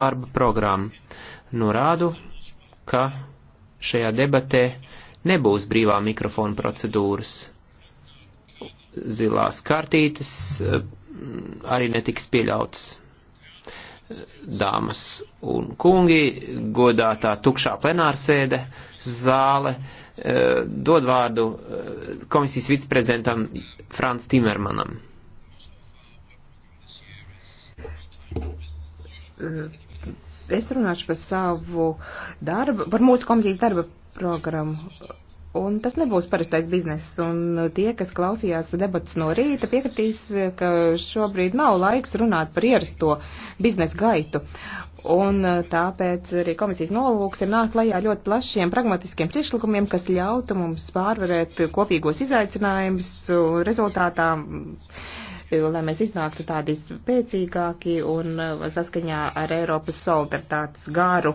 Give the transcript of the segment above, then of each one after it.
darba programmu. Norādu, ka šajā debatē nebūs brīvā mikrofona procedūras. Zilās kartītes eh, arī netiks pieļautas. Dāmas un kungi, godātā tukšā plenārsēde, zāle, eh, dod vārdu eh, komisijas viceprezidentam Frans Timermanam. Uh es runāšu par savu darbu, par mūsu komisijas darba programmu. Un tas nebūs parastais bizness, un tie, kas klausījās debatas no rīta, piekritīs, ka šobrīd nav laiks runāt par ierasto biznesa gaitu. Un tāpēc arī komisijas nolūks ir nākt lajā ļoti plašiem pragmatiskiem priekšlikumiem, kas ļautu mums pārvarēt kopīgos izaicinājumus rezultātām lai mēs iznāktu tādi spēcīgāki un uh, saskaņā ar Eiropas solidaritātes garu.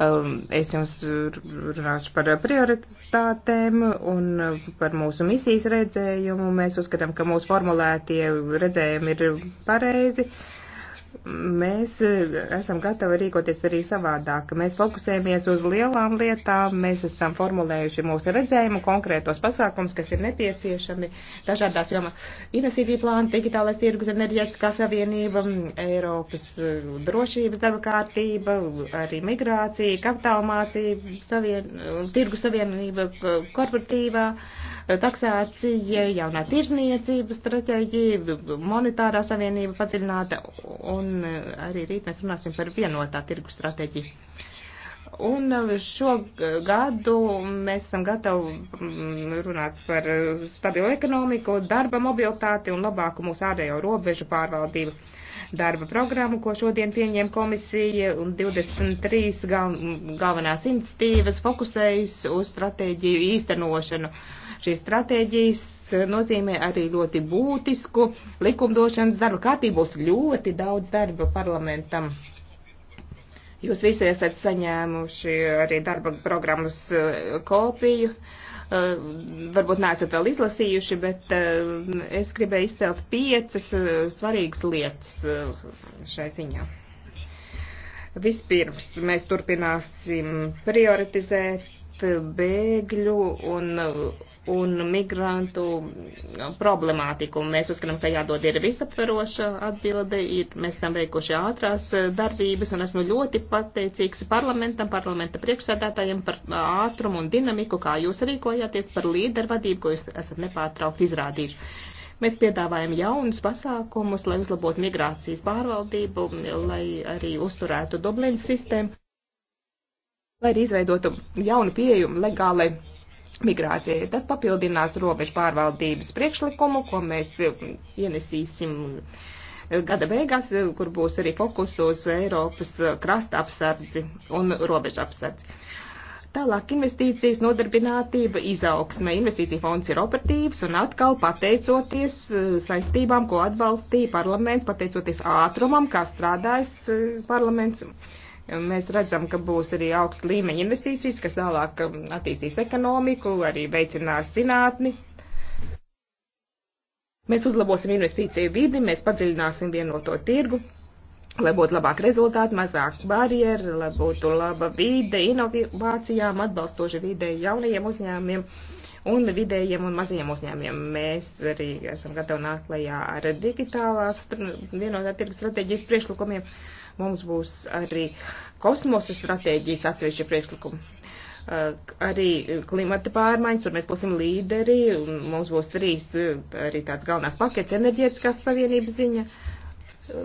Um, es jums runāšu par prioritātēm un uh, par mūsu misijas redzējumu. Mēs uzskatām, ka mūsu formulētie redzējumi ir pareizi mēs e, esam gatavi rīkoties arī savādāk. Mēs fokusējamies uz lielām lietām, mēs esam formulējuši mūsu redzējumu, konkrētos pasākums, kas ir nepieciešami dažādās jomās. Investīcija plāna, digitālais tirgus, enerģētiskā savienība, Eiropas e, drošības darba kārtība, arī migrācija, kapitāla mācība, savien, tirgus savienība, e, korporatīvā, taksācija, jaunā tirzniecības stratēģija, monetārā savienība padziļināta un un eh, arī rīt mēs runāsim par vienotā tirgu stratēģiju. Un šo gadu mēs esam gatavi mm, runāt par eh, stabilu ekonomiku, darba mobilitāti un labāku mūsu ārējo robežu pārvaldību darba programmu, ko šodien pieņem komisija, un 23 gal, galvenās iniciatīvas fokusējas uz stratēģiju īstenošanu. Šīs stratēģijas Eh, nozīmē arī ļoti būtisku likumdošanas darbu. Kārtībā būs ļoti daudz darba parlamentam. Jūs visi esat saņēmuši arī darba programmas eh, kopiju. Eh, varbūt neesat vēl izlasījuši, bet es gribēju izcelt piecas svarīgas lietas šai ziņā. Vispirms mēs turpināsim prioritizēt bēgļu un un migrantu problemātiku. Mēs uzskatām, ka jādod ir visaparoša atbilde, ir, mēs esam veikuši ātrās eh, darbības, un esmu ļoti pateicīgs parlamentam, parlamenta priekšsēdētājiem par ātrumu un dinamiku, kā jūs rīkojāties, par līdervadību, ko jūs esat nepārtraukt izrādījuši. Mēs piedāvājam jaunus pasākumus, lai uzlabotu migrācijas pārvaldību, lai arī uzturētu Dublinas sistēmu, lai arī izveidotu jaunu pieejumu legālai migrācijai. Tas papildinās robežu pārvaldības priekšlikumu, ko mēs eh, ienesīsim eh, gada beigās, eh, kur būs arī fokus uz Eiropas krasta apsardzi un robežu apsardzi. Tālāk investīcijas, nodarbinātība, izaugsme. Investīcija fonds ir operatīvs un atkal pateicoties saistībām, ko atbalstīja parlaments, pateicoties ātrumam, kā strādājas parlaments Mēs redzam, ka būs arī augsta līmeņa investīcijas, kas tālāk um, attīstīs ekonomiku, arī veicinās zinātni. Mēs uzlabosim investīciju vidi, mēs padziļināsim vienoto tirgu, lai būtu labāk rezultāti, mazāk barjeru, lai būtu laba vide, inovācijām, atbalstoši videi jaunajiem uzņēmiem un vidējiem un mazajiem uzņēmiem. Mēs arī esam gatavi nākt lejā ar digitālās vienotā tirgus strateģijas priekšlikumiem. Uh, Mums būs arī kosmosa stratēģijas atsevišķa priekšlikuma. Arī klimata pārmaiņas, tur mēs būsim līderi, un mums būs trīs e, arī tāds galvenās pakets enerģētiskās savienības ziņa. E,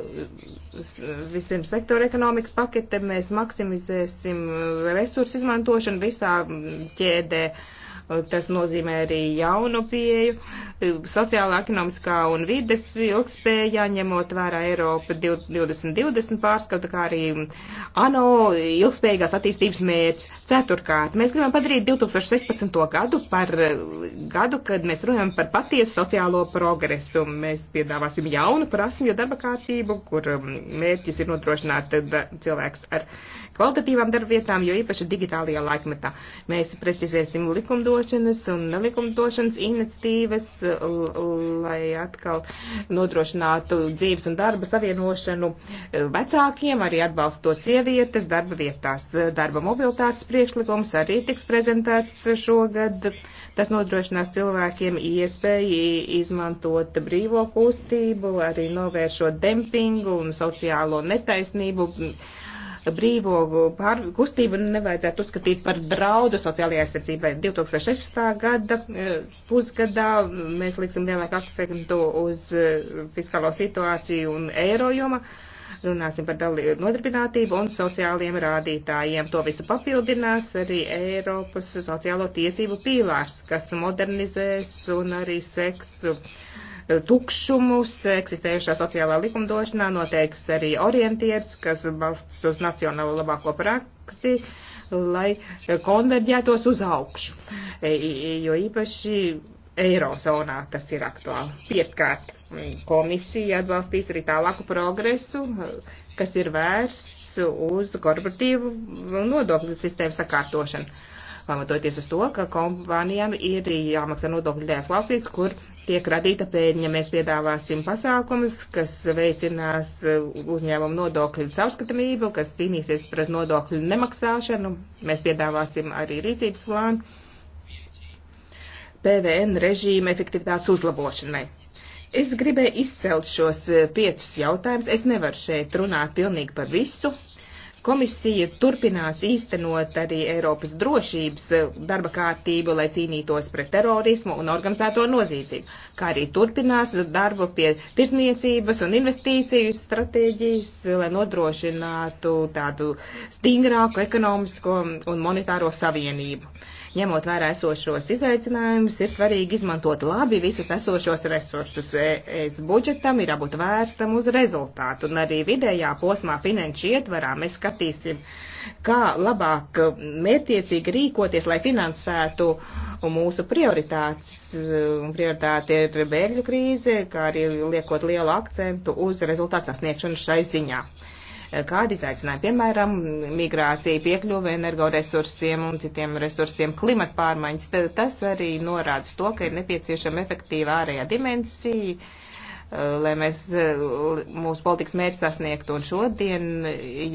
vispirms sektora ekonomikas pakete mēs maksimizēsim resursu izmantošanu visā ķēdē. Uh, Tas nozīmē arī jaunu pieju, sociālā, ekonomiskā un vides ilgspējā, ņemot vērā Eiropa 2020 pārskata, kā arī ANO ilgspējīgās attīstības mērķis. Ceturkārt, mēs gribam padarīt 2016. gadu par gadu, kad mēs runājam par patiesu sociālo progresu. Mēs piedāvāsim jaunu prasmju darba kārtību, kur um, mērķis ir nodrošināt cilvēks ar kvalitatīvām darbvietām, jo īpaši digitālajā laikmetā. Mēs precizēsim likumdošanu likumdošanas un nelikumdošanas iniciatīvas, lai atkal nodrošinātu dzīves un darba savienošanu eh, vecākiem, arī atbalstot sievietes darba vietās. Darba mobilitātes priekšlikums arī tiks prezentēts šogad. Tas nodrošinās cilvēkiem iespēju izmantot brīvo kustību, arī novēršot dempingu un sociālo netaisnību brīvo pār, kustību nevajadzētu uzskatīt par draudu sociālajai aizsardzībai. 2016. gada e, pusgadā mēs liksim lielāku akcentu uz e, fiskālo situāciju un eiro joma runāsim par nodarbinātību un sociāliem rādītājiem. To visu papildinās arī Eiropas sociālo tiesību pīlārs, kas modernizēs un arī seksu tukšumus eksistējušā sociālā likumdošanā, noteiks arī orientieris, kas balstas uz nacionālo labāko praksi, lai konverģētos uz augšu, e, jo īpaši Eirozonā tas ir aktuāli. Piekārt, komisija atbalstīs arī tālāku progresu, kas ir vērsts uz korporatīvu nodokļu sistēmu sakārtošanu pamatoties uz to, ka kompānijām ir jāmaksā nodokļi tajās valstīs, kur tiek radīta pēļņa. Mēs piedāvāsim pasākumus, kas veicinās uh, uzņēmumu nodokļu caurskatamību, kas cīnīsies pret nodokļu nemaksāšanu. Mēs piedāvāsim arī rīcības plānu PVN režīma efektivitātes uzlabošanai. Es gribēju izcelt šos uh, piecus jautājumus. Es nevaru šeit runāt pilnīgi par visu, Komisija turpinās īstenot arī Eiropas drošības eh, darba kārtību, lai cīnītos pret terorismu un organizēto nozīdzību, kā arī turpinās darbu pie tirzniecības un investīciju stratēģijas, lai nodrošinātu tādu stingrāku ekonomisko un monetāro savienību ņemot vērā esošos izaicinājumus, ir svarīgi izmantot labi visus esošos resursus. E, es budžetam ir jābūt vērstam uz rezultātu, un arī vidējā posmā finanšu ietvarā mēs skatīsim, kā labāk mērtiecīgi rīkoties, lai finansētu mūsu prioritātes. Prioritāte ir bēgļu krīze, kā arī liekot lielu akcentu uz rezultātu sasniegšanu šai ziņā kādi izaicinājumi, piemēram, migrācija, piekļuve energoresursiem un citiem resursiem, klimata pārmaiņas, tas arī norāda to, ka ir nepieciešama efektīva ārējā dimensija, eh, lai mēs eh, mūsu politikas mērķi sasniegtu. Un šodien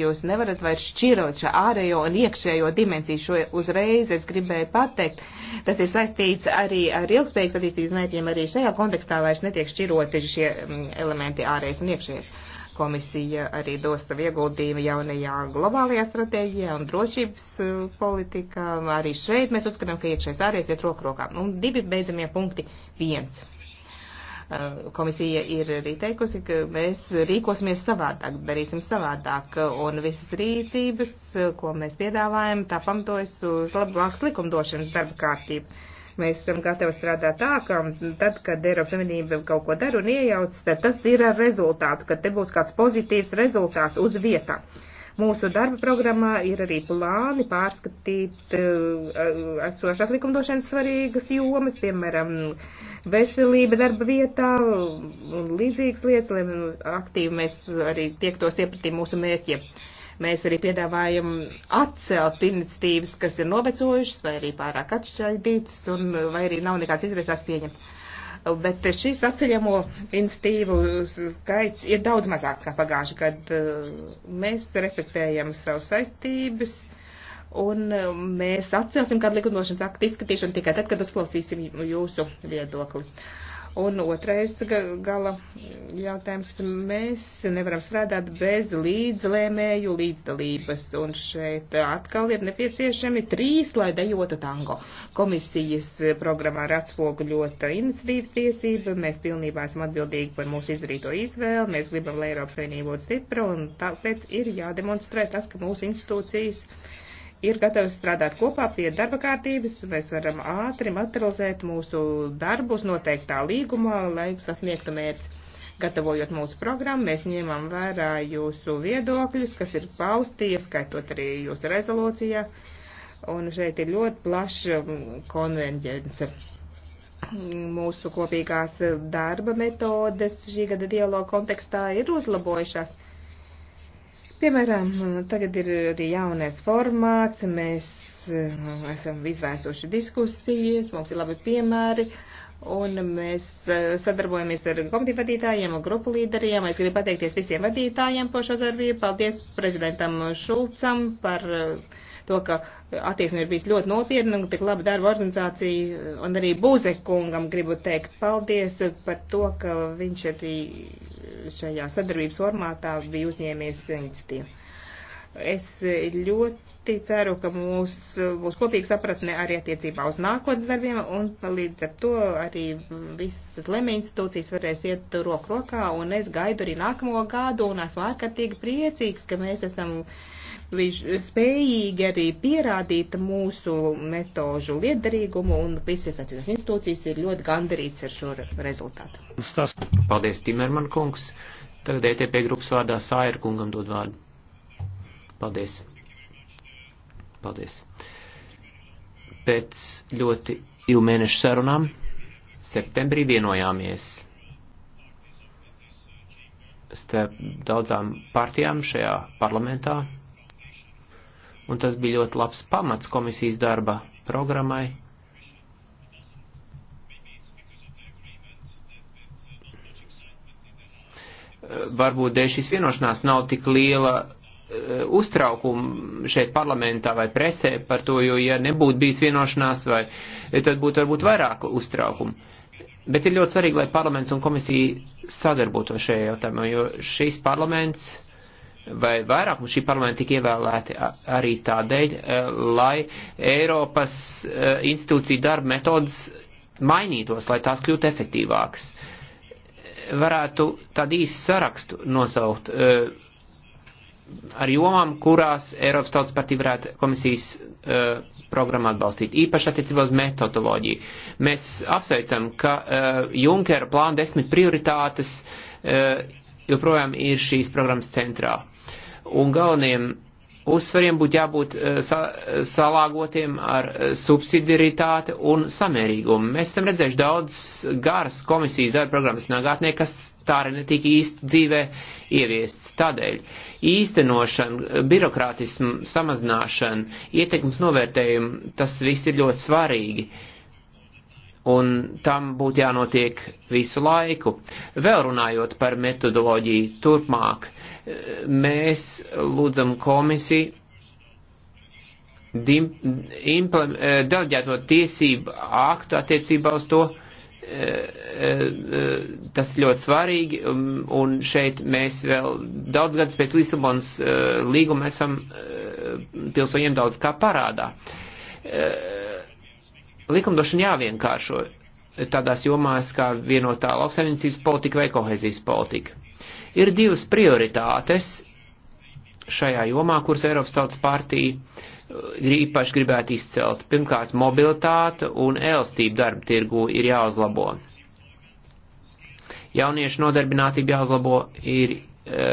jūs nevarat vairs šķirot šo ārējo un iekšējo dimensiju. Šo uzreiz es gribēju pateikt. Tas ir saistīts arī ar ilgspējīgas attīstības mērķiem. Arī šajā kontekstā vairs netiek šķiroti šie mm, elementi ārējais un iekšējais. Komisija arī dos savu ieguldījumu jaunajā globālajā stratēģijā un drošības eh, politikā. Arī šeit mēs uzskatām, ka iekšējais ārējais iet roku rokā. Un divi beidzamie punkti. Viens. Eh, komisija ir arī teikusi, ka mēs rīkosimies savādāk, darīsim savādāk, un visas rīcības, eh, ko mēs piedāvājam, tā pamatojas uz labāks likumdošanas darba kārtību Mēs esam gatavi strādāt tā, ka tad, kad Eiropas Savienība kaut ko dara un iejaucas, tad tas ir ar rezultātu, ka te būs kāds pozitīvs rezultāts uz vietā. Mūsu darba programmā ir arī plāni pārskatīt uh, esošās likumdošanas svarīgas jomas, piemēram, veselība darba vietā un līdzīgas lietas, lai aktīvi mēs arī tiektos iepratī mūsu mērķiem. Uh, Mēs arī piedāvājam atcelt iniciatīvas, kas ir novecojušas vai arī pārāk atšķaidītas un vai arī nav nekāds izvērsās pieņemt. Bet šīs atceļamo institīvu skaits ir daudz mazāk kā pagājuši, kad mēs respektējam savas saistības un mēs atcelsim kādu likumdošanas aktu izskatīšanu tikai tad, kad uzklausīsim jūsu viedokli. Uh, Un otrais gala jautājums. Mēs nevaram strādāt bez līdzlēmēju līdzdalības. Un šeit atkal ir nepieciešami trīs, lai dejotu tango. Komisijas programmā ir atspoguļota iniciatīvas tiesība. Mēs pilnībā esam atbildīgi par mūsu izdarīto izvēli. Mēs gribam, lai Eiropas Savienība būtu stipra. Un tāpēc ir jādemonstrē tas, ka mūsu institūcijas ir gatavs strādāt kopā pie darba kārtības. Mēs varam ātri materializēt mūsu darbus noteiktā līgumā, lai sasniegtu mērķi. Gatavojot mūsu programmu, mēs ņemam vērā jūsu viedokļus, kas ir pausti, ieskaitot arī jūsu rezolūcijā. Un šeit ir ļoti plaša mm, konverģence. Mūsu kopīgās darba metodes šī gada dialoga kontekstā ir uzlabojušās Piemēram, tagad ir arī jaunais formāts, mēs eh, esam izvēsuši diskusijas, mums ir labi piemēri, un mēs eh, sadarbojamies ar komiteju vadītājiem un grupu līderiem. Es gribu pateikties visiem vadītājiem par šo darbību. Paldies prezidentam Šulcam par uh, to, ka attieksme ir bijis ļoti nopietna un tik laba darba organizācija. Un arī Buzekungam gribu teikt paldies par to, ka viņš arī šajā sadarbības formātā bija uzņēmies iniciatīvu. Es ļoti ļoti ceru, ka mūs, būs kopīga sapratne arī attiecībā uz nākotnes darbiem, un līdz ar to arī visas lemē institūcijas varēs iet roku rokā, un es gaidu arī nākamo gadu, un esmu ārkārtīgi priecīgs, ka mēs esam uh, spējīgi arī pierādīt mūsu metožu liederīgumu, un visas atsevišķas institūcijas ir ļoti gandarīts ar šo rezultātu. Paldies, Timerman kungs. Tagad ETP grupas vārdā Sāir kungam dod vārdu. Paldies. Paldies. Pēc ļoti divu mēnešu sarunām septembrī vienojāmies starp daudzām partijām šajā parlamentā un tas bija ļoti labs pamats komisijas darba programmai. Varbūt dēļ šīs vienošanās nav tik liela eh, uztraukumu šeit parlamentā vai presē par to, jo ja nebūtu bijis vienošanās, vai, tad būtu varbūt vairāk uztraukumu. Bet ir ļoti svarīgi, lai parlaments un komisija sadarbotos šajā jautājumā, jo šīs parlaments vai vairāk mums šī parlamenta tika ievēlēti arī tādēļ, e, lai Eiropas e, institūcija darba metodas mainītos, lai tās kļūtu efektīvākas. Varētu tādu īsu sarakstu nosaukt e, ar jomām, kurās Eiropas Tautas partija varētu komisijas uh, programmu atbalstīt, īpaši attiecībā uz metodoloģiju. Mēs apsveicam, ka uh, Junkera plāna desmit prioritātes uh, joprojām ir šīs programmas centrā un galveniem uzsvariem būtu jābūt eh, sa salāgotiem ar eh, subsidiaritāti un samērīgumu. Mēs esam redzējuši daudz garas komisijas darba programmas nākotnē, kas tā arī netika īsti dzīvē ieviests. Tādēļ īstenošana, birokrātismu samazināšana, ietekmes novērtējumu, tas viss ir ļoti svarīgi. Un tam būtu jānotiek visu laiku. Vēl runājot par metodoloģiju turpmāk mēs lūdzam komisiju eh, delģēto tiesību aktu attiecībā uz to. Eh, eh, tas ir ļoti svarīgi, um, un šeit mēs vēl daudz gadus pēc Lisabonas līguma esam pilsoņiem daudz kā parādā. Likumdošana jāvienkāršo tādās jomās kā vienotā lauksaimniecības politika vai kohezijas politika Ir divas prioritātes šajā jomā, kuras Eiropas tautas partija uh, īpaši gribētu izcelt. Pirmkārt, mobilitāte un elstība darba tirgu ir jāuzlabo. Jauniešu nodarbinātība jāuzlabo, ir e,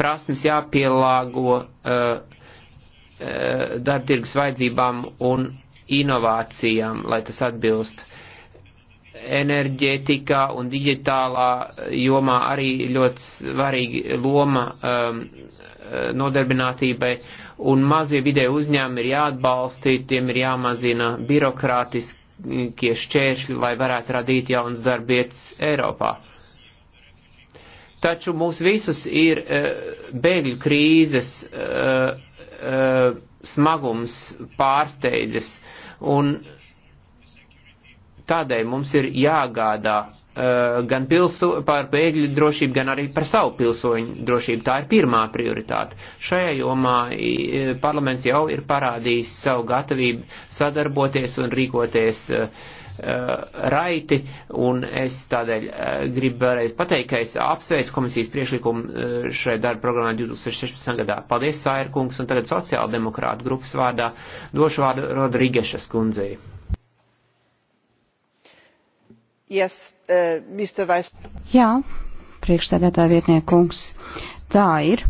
prasmes jāpielāgo e, e, darba tirgus vajadzībām un inovācijām, lai tas atbilst enerģētikā un digitālā jomā arī ļoti svarīga loma um, uh, nodarbinātībai. Un mazie vidē uzņēmumi ir jāatbalsta, tiem ir jāmazina birokrātiskie šķēršļi, lai varētu radīt jaunas darbietas Eiropā. Taču mūs visus ir uh, bēgļu krīzes uh, uh, smagums pārsteidzis. Un uh, Tādēļ mums ir jāgādā eh, gan pilso, par bēgļu drošību, gan arī par savu pilsoņu drošību. Tā ir pirmā prioritāte. Šajā jomā eh, parlaments jau ir parādījis savu gatavību sadarboties un rīkoties eh, raiti, un es tādēļ gribu vēlreiz pateikt, ka es apsveicu komisijas priešlikumu šajā darba programmā 2016. gadā. Paldies, Sairkungs, un tagad sociāldemokrāta grupas vārdā došu vārdu Rodrīgešas kundzei. Yes, uh, Jā, priekšstādātāja vietnieku kungs. Tā ir.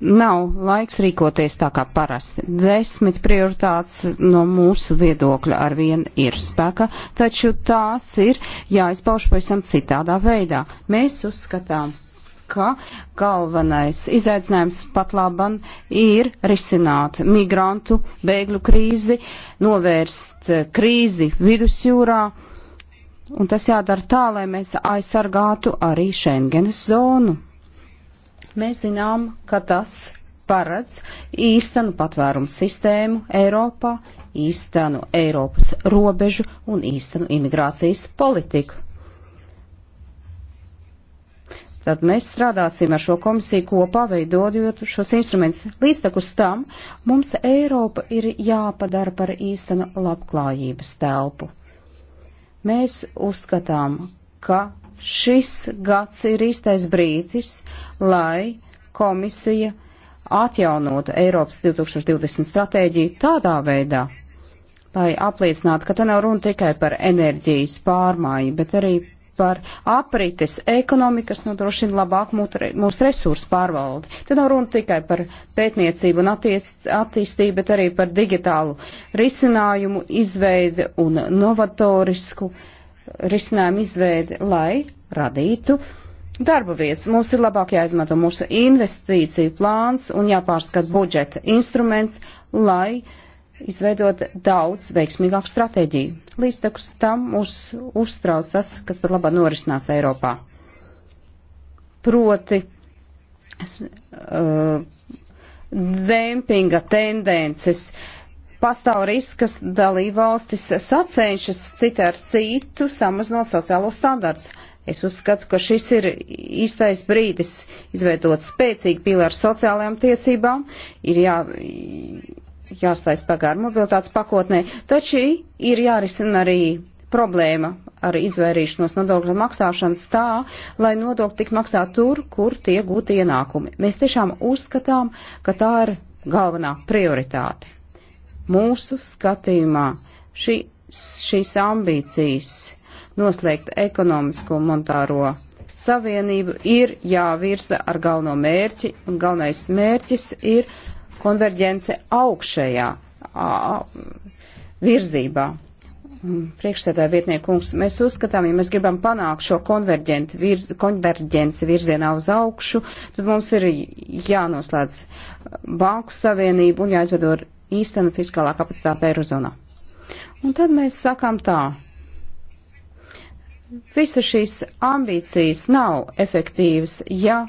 Nav laiks rīkoties tā kā parasti. Desmit prioritātes no mūsu viedokļa ar vien ir spēka, taču tās ir jāizpauž pavisam citādā veidā. Mēs uzskatām, ka galvenais izaicinājums pat laban ir risināt migrantu, bēgļu krīzi, novērst krīzi vidusjūrā Un tas jādara tā, lai mēs aizsargātu arī Schengenes zonu. Mēs zinām, ka tas paredz īstenu patvērumu sistēmu Eiropā, īstenu Eiropas robežu un īstenu imigrācijas politiku. Tad mēs strādāsim ar šo komisiju kopā, veidojot šos instrumentus. Līdztekus tam mums Eiropa ir jāpadara par īstenu labklājības telpu. Mēs uzskatām, ka šis gads ir īstais brīdis, lai komisija atjaunotu Eiropas 2020 stratēģiju tādā veidā, lai apliecinātu, ka te nav runa tikai par enerģijas pārmaiņu, bet arī par aprites ekonomiku, kas nodrošina labāku mūsu resursu pārvaldi. Te nav runa tikai par pētniecību un attīstību, bet arī par digitālu risinājumu izveidi un novatorisku risinājumu izveidi, lai radītu Darba vietas mums ir labāk jāizmanto mūsu investīciju plāns un jāpārskat budžeta instruments, lai uh, izveidot daudz veiksmīgāku stratēģiju. Līdztekus tam mūs uztrauc tas, kas pat labā norisinās Eiropā. Proti, uh, dempinga tendences. Pastāv risks, ka dalībvalstis sacenšas cita ar citu samazinot sociālo standārts. Es uzskatu, ka šis ir īstais brīdis izveidot spēcīgu pīlāru sociālajām tiesībām. Ir jā, jāstais pagāra mobilitātes pakotnē, taču ir jārisina arī problēma ar izvairīšanos nodokļu maksāšanas tā, lai nodokļi tik maksā tur, kur tie gūti ienākumi. Mēs tiešām uzskatām, ka tā ir galvenā prioritāte. Mūsu skatījumā šī, šīs ambīcijas noslēgt ekonomisko monetāro savienību ir jāvirza ar galveno mērķi, un galvenais mērķis ir konverģence augšējā virzībā. Priekšsēdētāja vietniekums, mēs uzskatām, ja mēs gribam panākt šo virz, konverģenci virzienā uz augšu, tad mums ir jānoslēdz banku savienību un jāizvedo īstena fiskālā kapacitāte Eirozonā. Un tad mēs sakām tā, visas šīs ambīcijas nav efektīvas, ja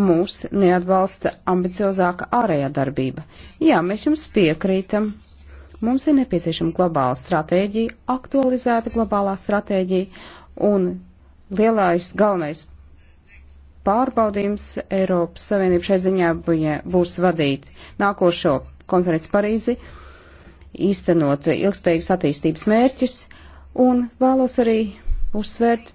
mūs neatbalsta ambiciozāka ārējā darbība. Jā, mēs jums piekrītam. Mums ir nepieciešama globāla stratēģija, aktualizēta globālā stratēģija un lielais galvenais pārbaudījums Eiropas Savienību šai ziņā būs vadīt nākošo konferenci Parīzi, īstenot ilgspējīgas attīstības mērķus un vēlos arī uzsvērt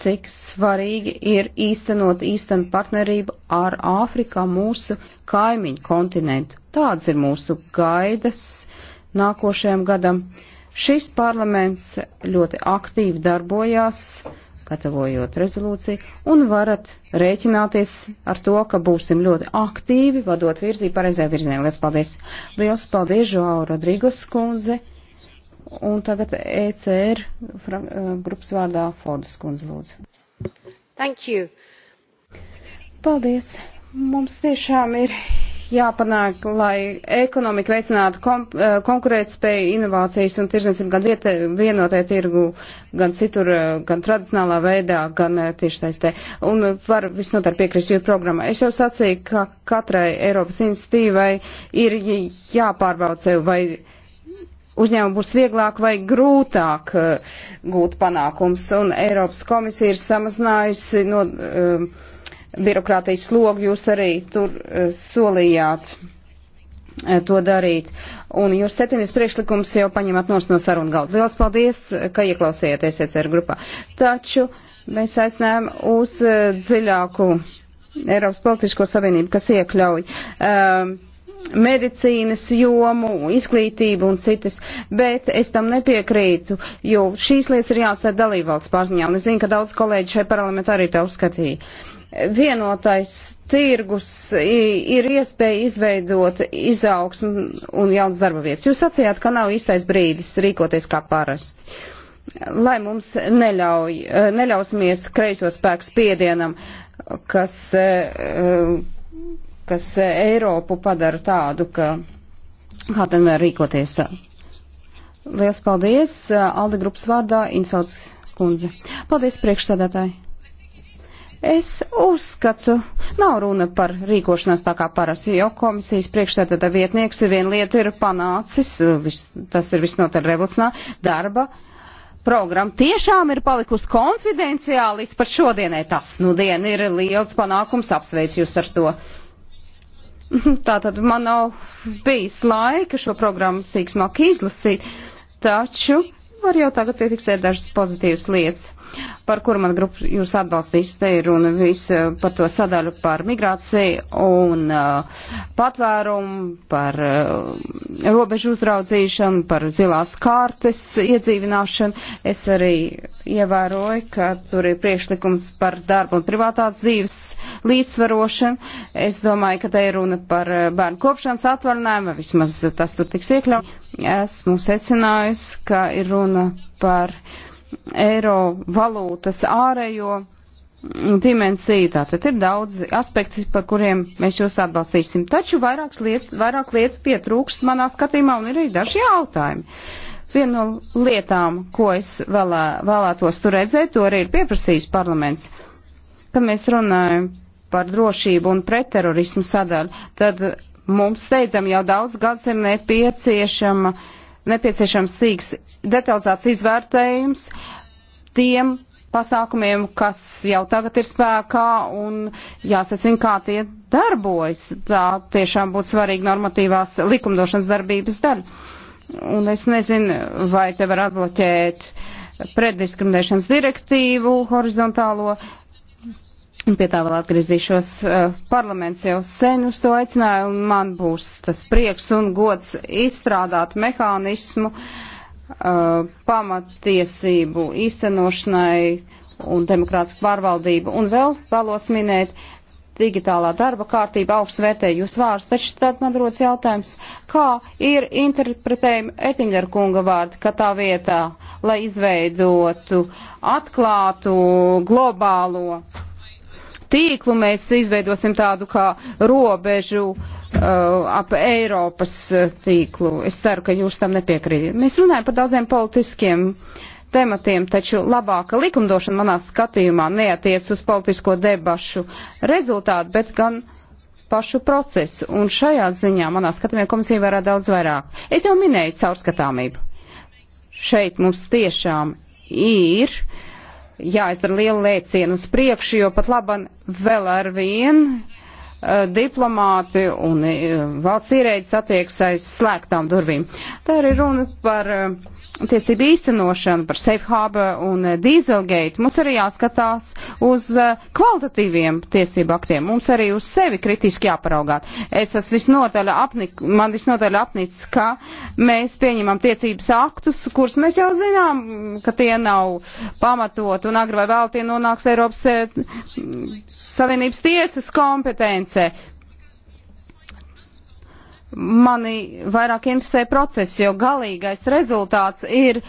cik svarīgi ir īstenot īstenu partnerību ar Āfrikā mūsu kaimiņu kontinentu. Tāds ir mūsu gaidas nākošajam gadam. Šis parlaments ļoti aktīvi darbojās, gatavojot rezolūciju, un varat rēķināties ar to, ka būsim ļoti aktīvi, vadot virzību pareizajā virzienā. Lielas paldies! Lielas paldies, Žoau Rodrīgos kundze! Un tagad ECR eh, grupas vārdā Fordas kundze lūdzu. Thank you. Paldies. Mums tiešām ir jāpanāk, lai ekonomika veicinātu eh, konkurētspēju, inovācijas un tirdzniecību gan vietē, vienotē tirgu, gan citur, eh, gan tradicionālā veidā, gan tiešsaistē. Un var visnotaļ piekrist jūsu programmai. Es jau sacīju, ka katrai Eiropas institīvai ir jāpārbauda sev, vai uzņēmumu būs vieglāk vai grūtāk eh, gūt panākums. Un Eiropas komisija ir samazinājusi no um, birokrātijas slogu, jūs arī tur uh, solījāt to darīt. Un jūs septiņas priekšlikums jau paņemat nos no sarunu galda. Lielas paldies, ka ieklausījāties ECR grupā. Taču mēs aicinājām uz dziļāku Eiropas politisko savienību, kas iekļauj. Um, medicīnas jomu, izglītību un citas, bet es tam nepiekrītu, jo šīs lietas ir jāstāda dalībvalsts pārziņā, un es zinu, ka daudz kolēģi šai parlamentā arī tā uzskatīja. Vienotais tirgus ir iespēja izveidot izaugsmu un jaunas darba vietas. Jūs sacījāt, ka nav īstais brīdis rīkoties kā parasti. Lai mums neļauj, neļausmies kreiso spēku spiedienam, kas uh, kas e, Eiropu padara tādu, ka kā tad var rīkoties. Liels paldies, e, Alde grupas vārdā, Infelds kundze. Paldies, priekšsēdētāji. Es uzskatu, nav runa par rīkošanās tā kā parasti, jo komisijas priekšstādāta vietnieks ir viena lieta ir panācis, e, vis, tas ir visnotaļ revolucionā, darba programma tiešām ir palikusi konfidenciāli līdz pat šodienai. Tas nu dien ir liels panākums, apsveicu jūs ar to. Tātad man nav bijis laika šo programmu sīksmāk izlasīt, taču var jau tagad piefiksēt dažas pozitīvas lietas par kuru man grupu jūs atbalstīs. Te ir runa visu eh, par to sadaļu par migrāciju un uh, patvērumu, par uh, robežu uzraudzīšanu, par zilās kārtas iedzīvināšanu. Es arī ievēroju, ka tur ir priekšlikums par darbu un privātās dzīves līdzsvarošanu. Es domāju, ka te ir runa par bērnu kopšanas atvaļinājumu, vismaz tas tur tiks iekļauts. Esmu secinājusi, ka ir runa par eiro valūtas ārējo dimensiju. Tātad ir daudz aspekti, par kuriem mēs jūs atbalstīsim. Taču vairākas liet, vairāk lietu pietrūkst manā skatījumā un ir arī daži jautājumi. Viena no lietām, ko es vēlē, vēlētos tur redzēt, to arī ir pieprasījis parlaments. Kad mēs runājam par drošību un pretterorismu sadaļu, tad mums steidzam jau daudz gadus ir nepieciešama uh, nepieciešams sīks detalizēts izvērtējums tiem pasākumiem, kas jau tagad ir spēkā un jāsacina, kā tie darbojas. Tā tiešām būtu svarīga normatīvās likumdošanas darbības daļa. Un es nezinu, vai te var atbloķēt pretdiskriminēšanas direktīvu horizontālo Pie tā vēl atgriezīšos. Parlaments jau sen uz to aicināja, un man būs tas prieks un gods izstrādāt mehānismu pamatiesību īstenošanai un demokrātisku pārvaldību. Un vēl vēlos minēt, digitālā darba kārtība augstu vērtē jūs vārdus, taču tad man rodas jautājums, kā ir interpretējumi Ettingera kunga vārdi, ka tā vietā, lai izveidotu atklātu globālo tīklu, mēs izveidosim tādu kā robežu uh, ap Eiropas uh, tīklu. Es ceru, ka jūs tam nepiekrītat. Mēs runājam par daudziem politiskiem tematiem, taču labāka likumdošana manā skatījumā neatiec uz politisko debašu rezultātu, bet gan pašu procesu. Un šajā ziņā manā skatījumā komisija varētu daudz vairāk. Es jau minēju caurskatāmību. Šeit mums tiešām ir uh, jāizdara liela lēciena uz priekšu, jo pat laban vēl ar vienu eh, diplomāti un eh, valsts ierēģis attieksais slēgtām durvīm. Tā ir runa par uh, tiesību īstenošanu, par Safe Harbor un eh, Dieselgate, mums arī jāskatās uz eh, kvalitatīviem tiesību aktiem. Mums arī uz sevi kritiski jāparaugāt. Es esmu visnotaļ apnik, man visnotaļ apnicis, ka mēs pieņemam tiesības aktus, kurus mēs jau zinām, ka tie nav pamatot un agri vai vēl tie nonāks Eiropas eh, Savienības tiesas kompetencē. Mani vairāk interesē process, jo galīgais rezultāts ir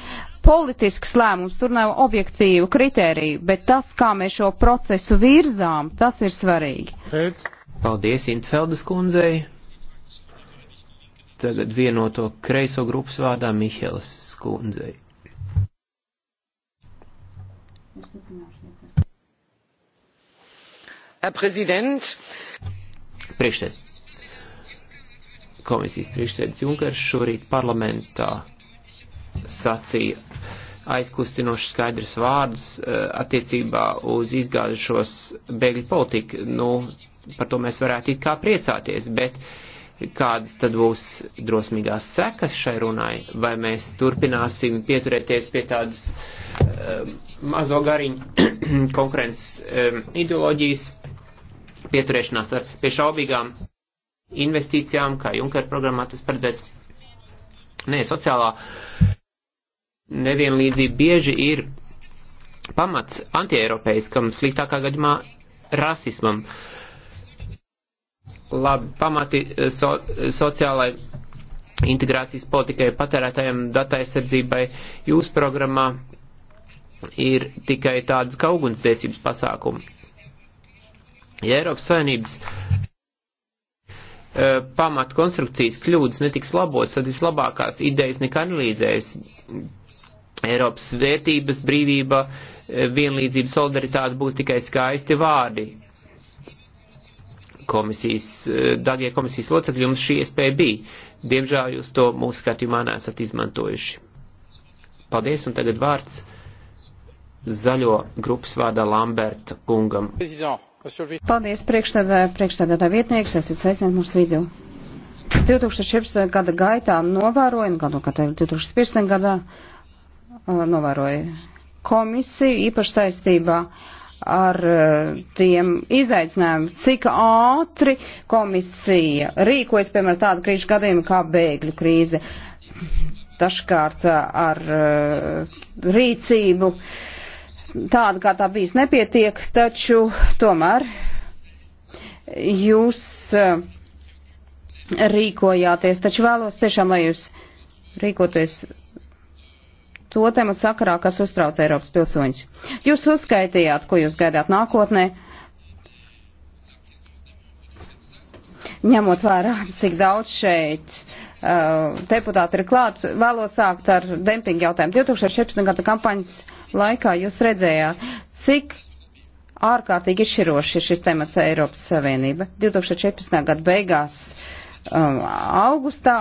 politisks lēmums, tur nav objektīvu kritēriju, bet tas, kā mēs šo procesu virzām, tas ir svarīgi. Paldies Intfeldes kundzei. Tagad vienoto kreiso grupas vārdā Mihelas kundzei. Herr Präsident! Priekšsēdētājs komisijas priekšsēdis Junkers šorīt parlamentā sacīja aizkustinoši skaidrs vārds eh, attiecībā uz izgāzušos bēgļu politiku. Nu, par to mēs varētu it kā priecāties, bet kādas tad būs drosmīgās sekas šai runai? Vai mēs turpināsim pieturēties pie tādas um, mazo gariņu konkurences um, ideoloģijas, pieturēšanās ar, pie šaubīgām investīcijām, kā Junker programmā tas paredzēts. Nē, sociālā nevienlīdzība bieži ir pamats antieiropeiskam, sliktākā gadījumā rasismam. Labi, pamati eh, so, sociālai integrācijas politikai, patērētājiem, dataizsardzībai jūsu programmā ir tikai tādas kaugunsdzēsības pasākumi. Ja Eiropas Savienības uh, Eh, pamat konstrukcijas kļūdas netiks labotas, tad vislabākās idejas nekā nelīdzējas. Eiropas vērtības, brīvība, eh, vienlīdzība, solidaritāte būs tikai skaisti vārdi. Komisijas, eh, dagie komisijas locekļi, jums šī iespēja bija. Diemžēl jūs to mūsu skatījumā nesat izmantojuši. Paldies, un tagad vārds zaļo grupas vārdā Lamberta kungam. Prezident. Paldies, priekšstādātāja, priekšstādātāja vietnieks, esat sveicināti mūsu vidū. 2014. gada gaitā novēroja, un gadu, kad 2015. gadā uh, novēroja komisiju īpaši saistībā ar uh, tiem izaicinājumiem, cik ātri komisija rīkojas, piemēram, tādu krīžu gadījumu kā bēgļu krīze, dažkārt uh, ar rīcību. Uh, tāda, kā tā bijis, nepietiek, taču tomēr jūs eh, rīkojāties, taču vēlos tiešām, lai jūs rīkoties to tematu sakarā, kas uztrauc Eiropas pilsoņus. Jūs uzskaitījāt, ko jūs gaidāt nākotnē, ņemot vērā, cik daudz šeit uh, Eh, deputāti ir klāt, vēlos sākt ar dempingu jautājumu. 2017. gada kampaņas laikā jūs redzējāt, cik ārkārtīgi izšķiroši ir šis temats Eiropas Savienība. 2014. gada beigās um, augustā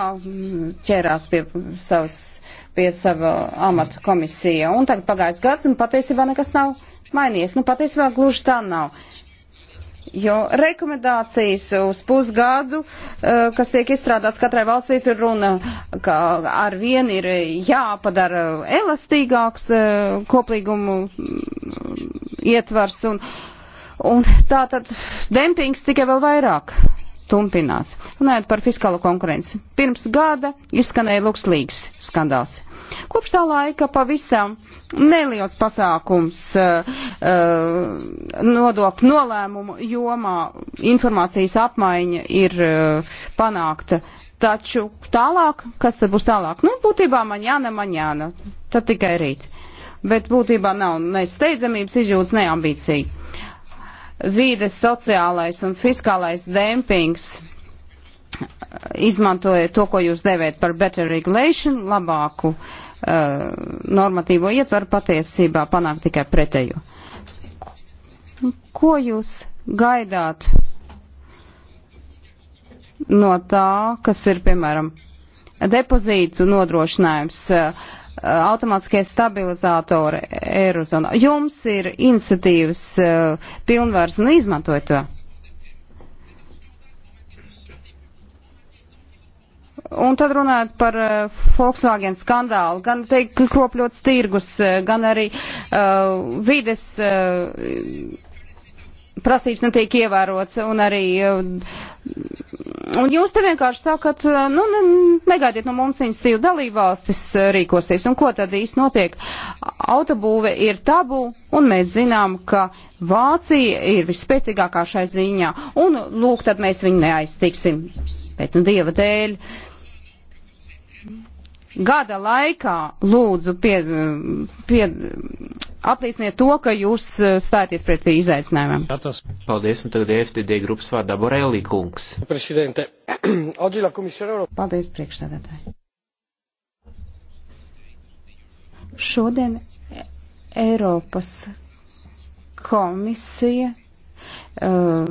ķērās pie savas, pie sava amata komisija, un tagad pagājis gads, un patiesībā nekas nav mainījies. Nu, patiesībā gluži tā nav. Jo rekomendācijas uz pusgadu, eh, kas tiek izstrādāts katrai valstī, tur runa, ka ar vienu ir jāpadara elastīgāks eh, koplīgumu mm, ietvars un, un tā tad dempings tikai vēl vairāk tumpinās. Runājot par fiskālo konkurenci. Pirms gada izskanēja Luxlīgs skandāls. Kopš tā laika pavisam neliels pasākums uh, uh, nodokļu nolēmumu jomā informācijas apmaiņa ir uh, panākta. Taču tālāk, kas tad būs tālāk? Nu, būtībā maņāna, maņāna. Tad tikai rīt. Bet būtībā nav ne steidzamības izjūtas, ne ambīcija vīdes sociālais un fiskālais dempings, izmantojot to, ko jūs devēt par better regulation, labāku Uh, normatīvo ietvaru patiesībā panāk tikai pretējo. Ko jūs gaidāt no tā, kas ir, piemēram, depozītu nodrošinājums, uh, automātiskie stabilizatori Eirozonā? Jums ir iniciatīvas uh, pilnvars un izmantojiet to. Un tad runājot par uh, Volkswagen skandālu, gan tiek kropļots tirgus, eh, gan arī uh, vides uh, prasības netiek ievērots, un arī, uh, un jūs te vienkārši sakat, uh, nu, ne, negaidiet no mums institīvu dalībvalstis uh, rīkosies, un ko tad īsti notiek? Autobūve ir tabu, un mēs zinām, ka Vācija ir visspēcīgākā šai ziņā, un lūk, tad mēs viņu neaiztiksim. Bet, nu, dieva dēļ, uh, gada laikā lūdzu pie, pie, aplieciniet to, ka jūs e, stāties pret izaicinājumiem. Paldies, un tagad FTD grupas vārdā Borelī kungs. Paldies, priekšsēdētāji. Šodien Eiropas komisija. Uh,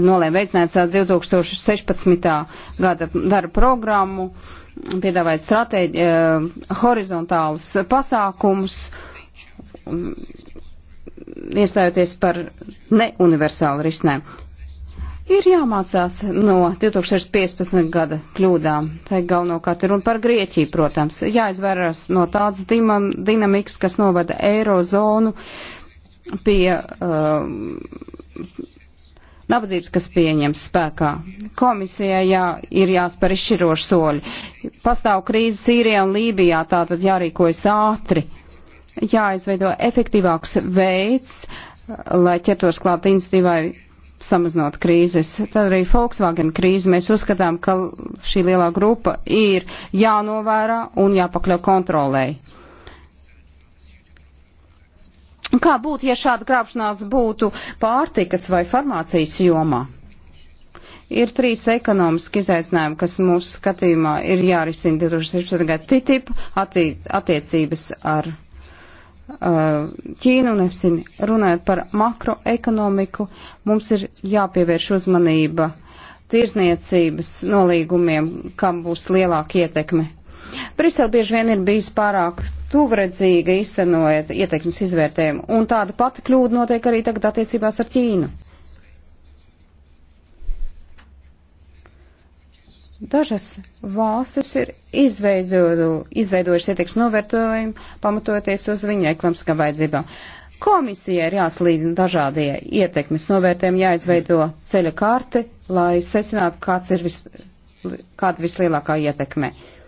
nolēma veicināt 2016. gada darba programmu, uh, piedāvājat stratēģi, eh, horizontālus pasākumus, um, iestājoties par neuniversālu risinājumu. Ir jāmācās no 2015. gada kļūdām. Tā ir galvenokārt runa par Grieķiju, protams. Jāizvērās no tādas dinamikas, kas novada eirozonu pie. Uh, nabadzības, kas pieņems spēkā. Komisijai jā, ir jāspēr izšķiroši soļi. Pastāv krīze Sīrijā un Lībijā, tātad jārīkojas ātri. Jāizveido efektīvāks veids, lai ķertos klāt institīvai samazinot krīzes. Tad arī Volkswagen krīze mēs uzskatām, ka šī lielā grupa ir jānovērā un jāpakļau kontrolēji Kā būtu, ja šāda krāpšanās būtu pārtikas vai farmācijas jomā? Ir trīs ekonomiski izaicinājumi, kas mūsu skatījumā ir jārisina 2016. gada TTIP attiecības ar uh, Ķīnu un Efsini. Runājot par makroekonomiku, mums ir jāpievērš uzmanība tirzniecības nolīgumiem, kam būs lielāka ietekme. Brisele bieži vien ir bijis pārāk tuvredzīgi izcenojat ieteikums izvērtējumu. Un tāda pati kļūda notiek arī tagad attiecībās ar Ķīnu. Dažas valstis ir izveidojušas ietekmes novērtojumu, pamatojoties uz viņu ekonomiskām vajadzībām. Komisijai ir jāslīd dažādie ietekmes novērtējumi, jāizveido ceļa karti, lai secinātu, kāds ir vis, kāda vislielākā ietekme. Uh,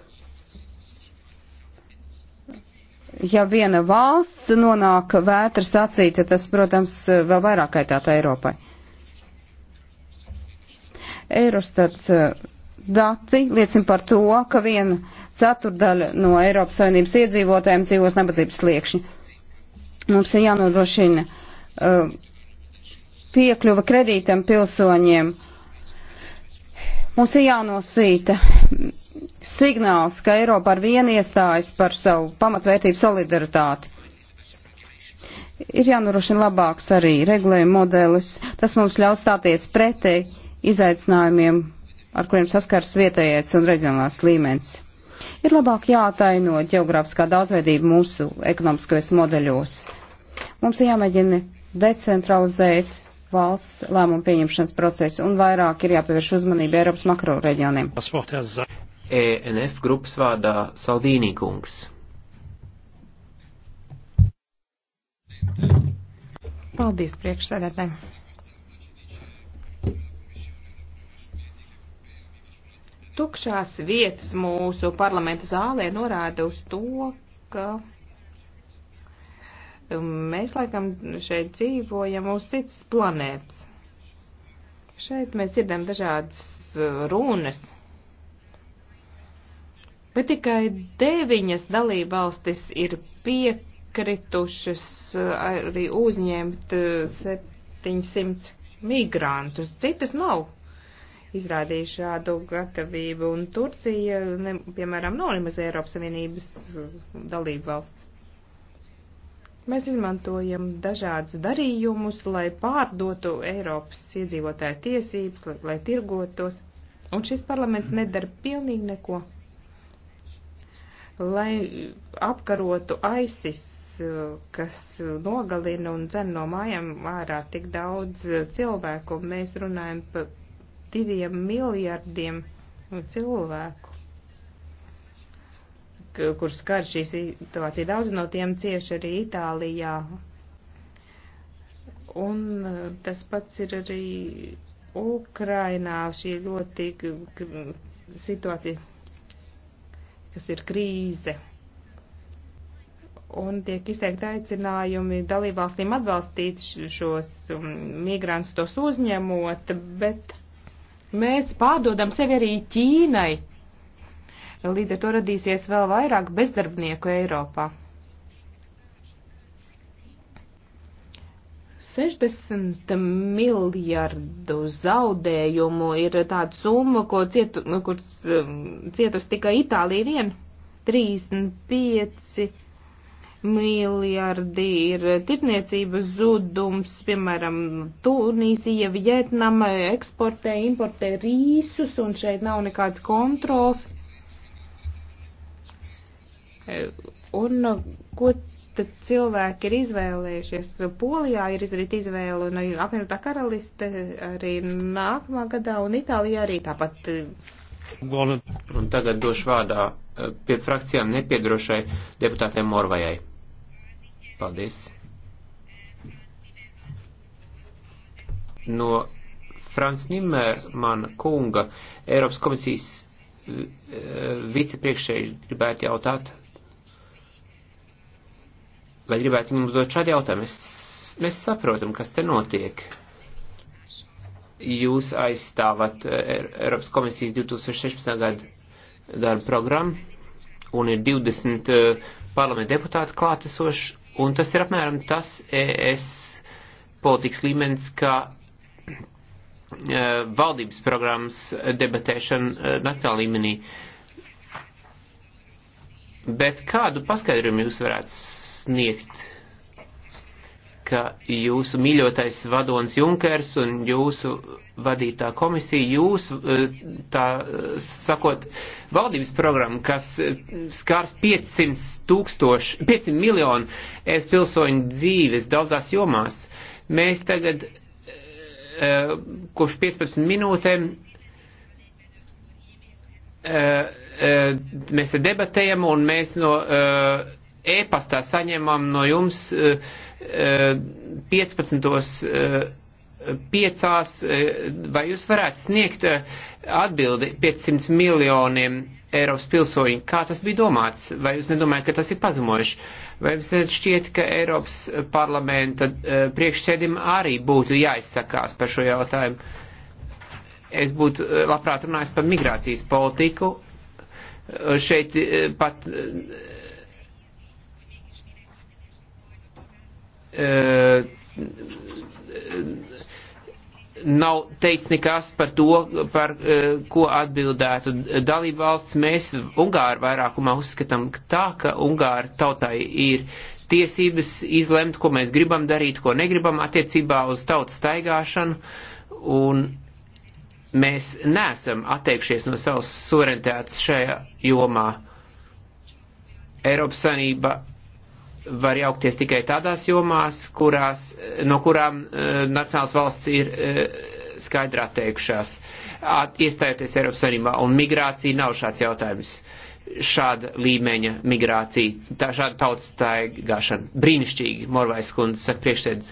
ja viena valsts nonāk vētras acī, tad tas, protams, vēl vairāk kaitētu Eiropai. Eurostat eh, dati liecina par to, ka viena ceturdaļa no Eiropas Savienības iedzīvotājiem dzīvos nabadzības sliekšņi. Mums ir jānodrošina uh, piekļuva kredītam pilsoņiem. Mums ir jānosīta signāls, ka Eiropa ar vienu iestājas par savu pamatvērtību solidaritāti. Ir jānorošina labāks arī regulējuma modelis. Tas mums ļaus stāties pretēji izaicinājumiem, ar kuriem saskars vietējais un reģionālās līmenis. Ir labāk jātaino ģeogrāfiskā daudzveidība mūsu ekonomiskajos modeļos. Mums ir jāmēģina decentralizēt valsts lēmumu pieņemšanas procesu un vairāk ir jāpievērš uzmanība Eiropas makro reģioniem. ENF grupas vārdā Saldīnī kungs. Paldies, priekšsēdētāji. Tukšās vietas mūsu parlamenta zālē norāda uz to, ka um, mēs laikam šeit dzīvojam uz citas planētas. Šeit mēs dzirdam dažādas uh, runas bet tikai deviņas dalībvalstis ir piekritušas eh, arī uzņemt 700 eh, migrantus. Citas nav izrādīja šādu gatavību, un Turcija, ne, piemēram, nav nemaz Eiropas Savienības eh, dalība valsts. Mēs izmantojam dažādus darījumus, lai pārdotu Eiropas iedzīvotāju tiesības, lai, lai tirgotos, un šis parlaments nedara pilnīgi neko lai apkarotu ISIS, kas nogalina un dzen no mājām ārā tik daudz cilvēku. Mēs runājam par diviem miljardiem cilvēku, kur skar šī situācija. Daudz no tiem cieši arī Itālijā. Un e, tas pats ir arī Ukrainā šī ļoti situācija kas ir krīze. Un tiek izteikti aicinājumi dalībvalstīm atbalstīt šos um, migrantus, tos uzņemot, bet mēs pārdodam sevi arī Ķīnai. Līdz ar to radīsies vēl vairāk bezdarbnieku Eiropā. 60 miljardu zaudējumu ir tāda summa, ko cietu, kur um, cietus tikai Itālija vien. 35 miljardi ir tirdzniecības zudums, piemēram, Tunīsija, Vietnama eksportē, importē rīsus, un šeit nav nekāds kontrols. Un ko tad cilvēki ir izvēlējušies. Polijā ir izdarīta izvēle, un apvienotā karaliste arī nākamā gadā, un Itālijā arī tāpat. Un tagad došu vārdā eh, pie frakcijām nepiedrošai deputātei Morvajai. Paldies. No Frans Nimermana kunga Eiropas komisijas eh, vicepriekšēji gribētu jautāt vai gribētu viņam uzdot šādu jautājumu. Es, mēs saprotam, kas te notiek. Jūs aizstāvat eh, Eiropas komisijas 2016. gada darba programmu un ir 20 eh, parlamenta deputāti klātesoši, un tas ir apmēram tas ES politikas līmenis, kā eh, valdības programmas debatēšana nacionāla līmenī. Bet kādu paskaidrojumu jūs varētu sasniegt, ka jūsu mīļotais vadonis Junkers un jūsu vadītā komisija, jūs, eh, tā eh, sakot, valdības programma, kas eh, skārs 500, tūkstoši, 500 miljonu es pilsoņu dzīves daudzās jomās. Mēs tagad, kopš 15 minūtēm, mēs te debatējam un mēs no uh, e-pastā saņemam no jums 15. Eh, eh, eh, piecās, vai jūs varētu sniegt atbildi 500 miljoniem Eiropas pilsoņu, kā tas bija domāts, vai jūs nedomājat, ka tas ir pazemojuši, vai jums šķiet, ka Eiropas parlamenta priekšsēdim arī būtu jāizsakās par šo jautājumu. Es būtu labprāt runājis par migrācijas politiku. Šeit pat Eh, nav teikts nekas par to, par eh, ko atbildētu dalību valsts. Mēs Ungāri vairākumā uzskatām tā, ka Ungāri tautai ir tiesības izlemt, ko mēs gribam darīt, ko negribam attiecībā uz tautas staigāšanu. Un mēs neesam atteikšies no savas suverenitātes šajā jomā. Eiropas Sanība var jaukties tikai tādās jomās, kurās, no kurām uh, nacionāls valsts ir uh, e, skaidrā teikušās, at, iestājoties Eiropas Savienībā, un migrācija nav šāds jautājums. Šāda līmeņa migrācija, tā šāda tautas staigāšana. Brīnišķīgi, Morvais kundze saka priekšsēdus.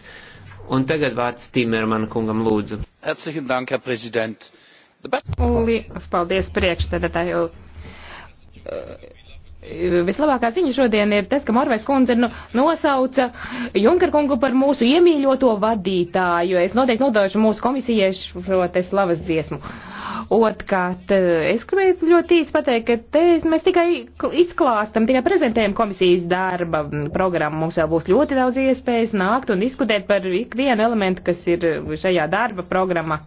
Un tagad vārds Timermana kungam lūdzu. Herzlichen Dank, Herr Präsident. Lielas paldies priekšsēdētāju. Uh, vislabākā ziņa šodien ir tas, ka Morvais kundze nu, nosauca Junker kungu par mūsu iemīļoto vadītāju. Es noteikti nodošu mūsu komisijai šo te slavas dziesmu. Otkārt, es gribēju ļoti īsti pateikt, ka te mēs tikai izklāstam, tikai prezentējam komisijas darba programmu. Mums vēl būs ļoti daudz iespējas nākt un diskutēt par ikvienu elementu, kas ir šajā darba programmā.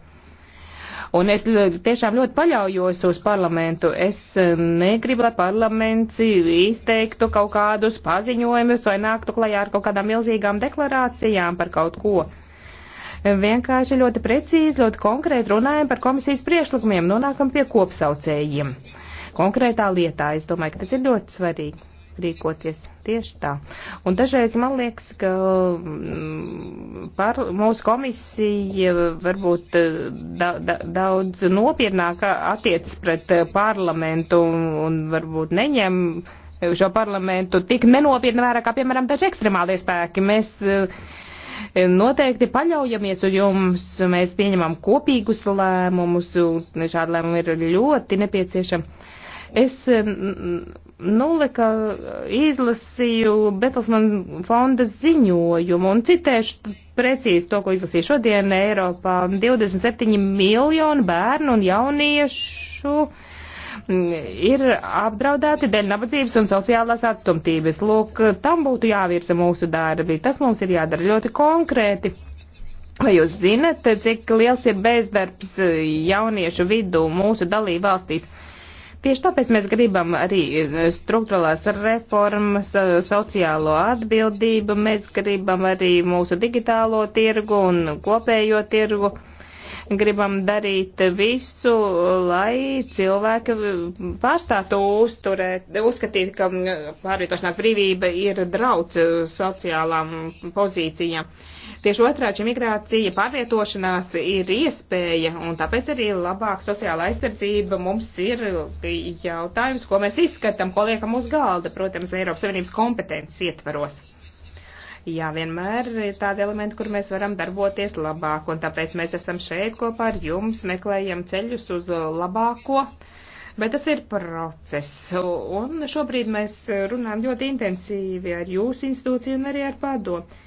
Un es tiešām ļoti paļaujos uz parlamentu. Es eh, negribu, lai parlaments izteiktu kaut kādus paziņojumus vai nāktu klajā ar kaut kādām milzīgām deklarācijām par kaut ko vienkārši ļoti precīzi, ļoti konkrēti runājam par komisijas priešlikumiem, nonākam pie kopsaucējiem. Konkrētā lietā, es domāju, ka tas ir ļoti svarīgi rīkoties tieši tā. Un dažreiz man liekas, ka mm, par, mūsu komisija varbūt eh, da, da, daudz nopietnāk attiecas pret eh, parlamentu un, un varbūt neņem šo parlamentu tik nenopietni vērā kā, piemēram, daži ekstremālie spēki. Mēs, eh, noteikti paļaujamies uz jums, mēs pieņemam kopīgus lēmumus, un šādi lēmumi ir ļoti nepieciešami. Es nulika izlasīju Betelsman fonda ziņojumu un citēšu precīzi to, ko izlasīju šodien Eiropā. 27 miljonu bērnu un jauniešu mm, ir apdraudēti dēļ nabadzības un sociālās atstumtības. Lūk, tam būtu jāvirsa mūsu darbi. Tas mums ir jādara ļoti konkrēti. Vai jūs zinat, cik liels ir bezdarbs jauniešu vidū mūsu dalību valstīs? Tieši tāpēc mēs gribam arī eh, struktūrālās reformas, eh, sociālo atbildību, mēs gribam arī mūsu digitālo tirgu un kopējo tirgu gribam darīt visu, lai cilvēki pārstātu uzturēt, uzskatīt, ka pārvietošanās brīvība ir drauds sociālām pozīcijām. Tieši otrādi šī migrācija pārvietošanās ir iespēja, un tāpēc arī labāk sociāla aizsardzība mums ir jautājums, ko mēs izskatām, ko liekam uz galda, protams, Eiropas Savienības kompetences ietvaros. Jā, vienmēr ir tādi elementi, kur mēs varam darboties labāk, un tāpēc mēs esam šeit kopā ar jums, meklējam ceļus uz labāko, bet tas ir process, un šobrīd mēs runājam ļoti intensīvi ar jūsu institūciju un arī ar padomu.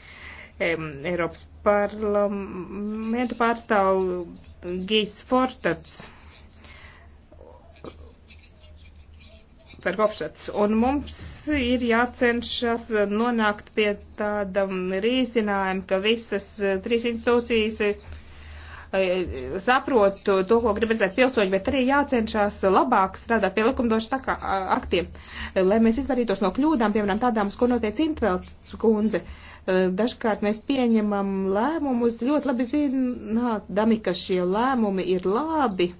Eiropas parlamentu pārstāvu Gijs Fortats par offsets. Un mums ir jācenšas nonākt pie tāda risinājuma, ka visas trīs institūcijas e, saprot to, ko grib redzēt pilsoņi, bet arī jācenšas labāk strādāt pie likumdošanas aktiem, lai mēs izvarītos no kļūdām, piemēram, tādām, uz ko notiek Intvelts kundze. E, dažkārt mēs pieņemam lēmumus, ļoti labi zinām, ka šie lēmumi ir labi,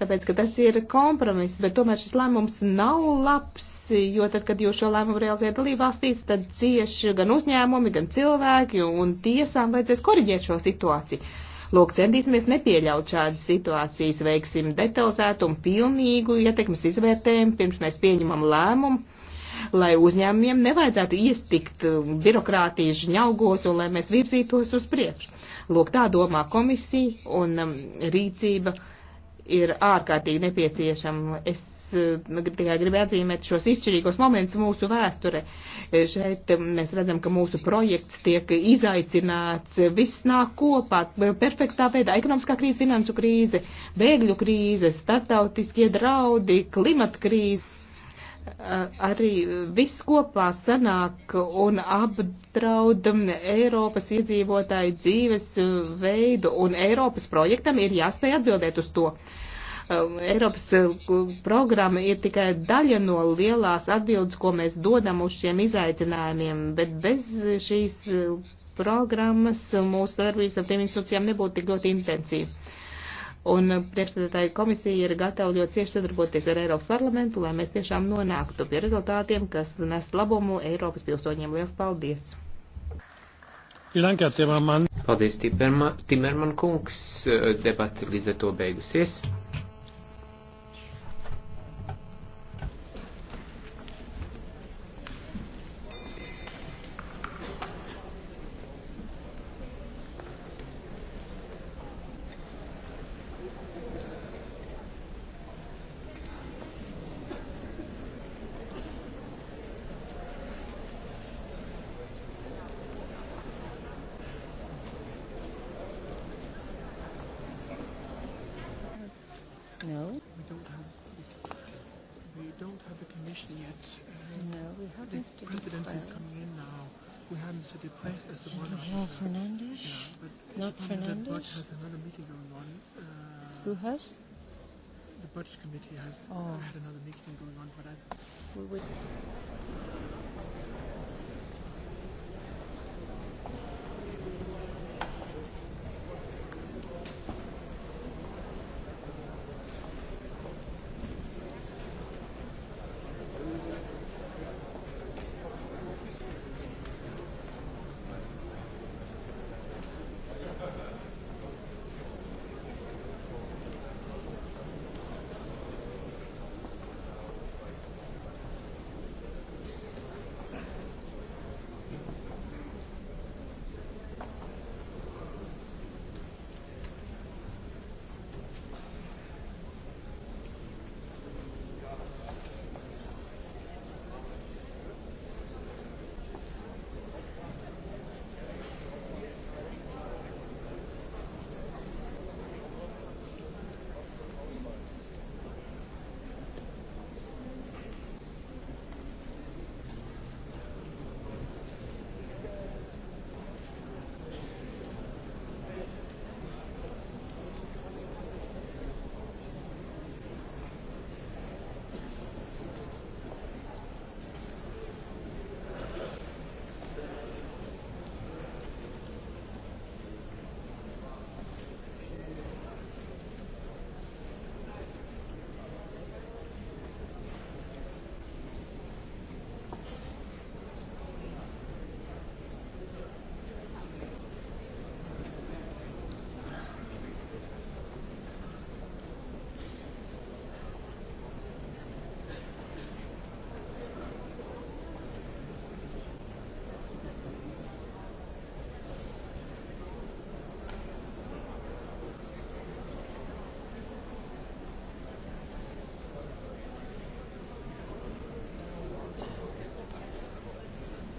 tāpēc, ka tas ir kompromiss, bet tomēr šis lēmums nav labs, jo tad, kad jūs šo lēmumu realizējat dalībvalstīs, tad cieši gan uzņēmumi, gan cilvēki un tiesām vajadzēs koriģēt šo situāciju. Lūk, centīsimies nepieļaut šādas situācijas, veiksim detalizētu un pilnīgu ietekmes izvērtējumu, pirms mēs pieņemam lēmumu, lai uzņēmumiem nevajadzētu iestikt birokrātijas žņaugos un lai mēs virzītos uz priekšu. Lūk, tā domā komisija un um, rīcība. Uh, ir ārkārtīgi nepieciešama. Es eh, tikai gribu atzīmēt šos izšķirīgos momentus mūsu vēsture. Eh, šeit eh, mēs redzam, ka mūsu projekts tiek izaicināts, viss nāk kopā, perfektā veidā - ekonomiskā krīze, finansu krīze, bēgļu krīze, startautiskie draudi, klimata krīze arī viss kopā sanāk un apdraud Eiropas iedzīvotāju dzīves veidu, un Eiropas projektam ir jāspēj atbildēt uz to. Um, Eiropas uh, programma ir tikai daļa no lielās atbildes, ko mēs dodam uz šiem izaicinājumiem, bet bez šīs uh, programmas mūsu darbības ar tiem institūcijām nebūtu tik ļoti intensīva Un priekšstādātāja komisija ir gatava ļoti cieši sadarboties ar Eiropas parlamentu, lai mēs tiešām nonāktu pie rezultātiem, kas nes labumu Eiropas pilsoņiem. Lielas paldies! Paldies, Timerman kungs. Debati līdz ar to beigusies. president is coming in now. We had Mr. Depre as the one. We have Fernandes. Yeah, but not Fernandes. The budget has another meeting going on. Uh, Who has? The budget committee has oh. had another meeting going on, but I. We would.